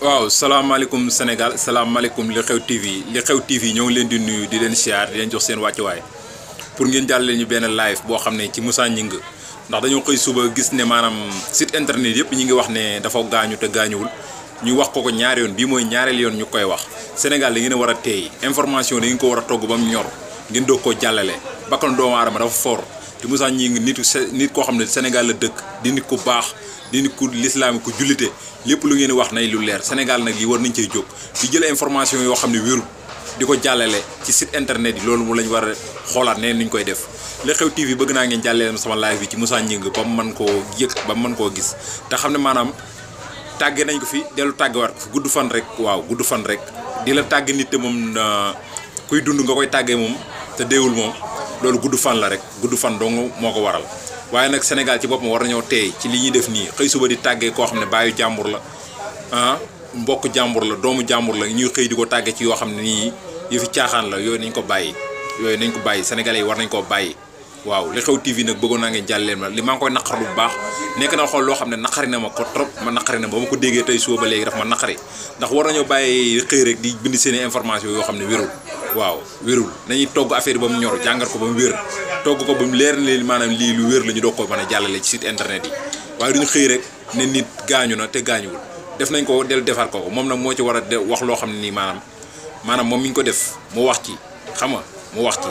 waaw salaamaaleykum Sénégal salaamaaleykum li xew TV li xew TV ñoo ngi leen di nuyu di leen siyaar di leen jox seen wàccuwaay pour ngeen jàllale ñu benn live boo xam ne ci Moussa ñing ndax dañoo koy suba gis ne maanaam site internet yëpp ñi ngi wax ne dafa gaañu te gaañuwul ñu wax ko ko ñaari yoon bii mooy ñaareel yoon ñu koy wax Sénégal da ngeen a war a teey information da ngeen ko war a togg ba mu ñor ngeen doog koo jàllale bakkan doomu aadama dafa foor te Moussa Gningue nitu nit koo xam ne Sénégal dëkk di nit ku baax di nit ku lislaam ku jullite lépp lu ngeen wax nay lu leer Sénégal nag li war nañ cee jóg di jël information yoo xam ne wérul di ko jàllale ci site internet yi loolu lañ war a xoolaat nee nuñ koy def li xew TV bëgg naa ngeen jàllale sama bi ci Moussa Gningue ba man koo yëg ba mu koo gis te xam ne maanaam tàggee nañ ko fi dellu tàggewaat ko fi gudd fan rek waaw gudd fan rek di la tàgge nit te moom euh, kuy dund nga koy tàggee moom te déewul moom loolu gudd fan la rek gudd fan dong moo ko waral waaye nag Sénégal ci boppam war nañoo teey ci li ñuy def nii xëy suba di tàggee koo xam ne baayu jàmbur la ah mbokk jàmbur la doomu jàmbur la ñuy xëy di ko tàggee ci yoo xam ne nii yu fi caaxaan la yooyu nañ ko bàyyi yooyu nañ ko bàyyi sénégalais yi war nañ koo bàyyi waaw li xew TV nag bëggoon naa ngeen jàll leen ma li maa ngi koy naqar lu baax nekk na xool loo xam ne naqari na ma ko trop ma naqari na ba ma ko déggee tey suba ba léegi daf ma naqari ndax war nañoo bàyyi xëy rek di bind seen information yoo xam ne wérul waaw wérul nañuy togg affaire ba mu ñor jàngat ko ba mu wér togg ko ba mu leer na leen maanaam lii lu wér lañu ñu doog ko mën a jàllale ci site internet yi waaye duñu xëy rek ne nit gaañu na te gaañuwul def nañ ko del defar ko moom nag moo ci war a de wax loo xam ne nii maanaam maanaam moom mu ñu ko def mu wax ci xam nga mu wax ci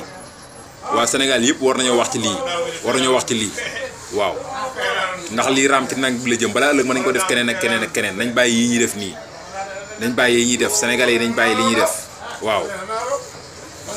waa senegal yëpp war nañoo wax ci lii war nañoo wax ci lii waaw ndax lii raam ci nag bi la jëm balaa ëllëg mën nañ ko def keneen ak keneen ak keneen nañ bàyyi yi ñuy def nii nañ bàyyi yi ñuy def sénégalais yi nañ bàyyi li ñuy def waaw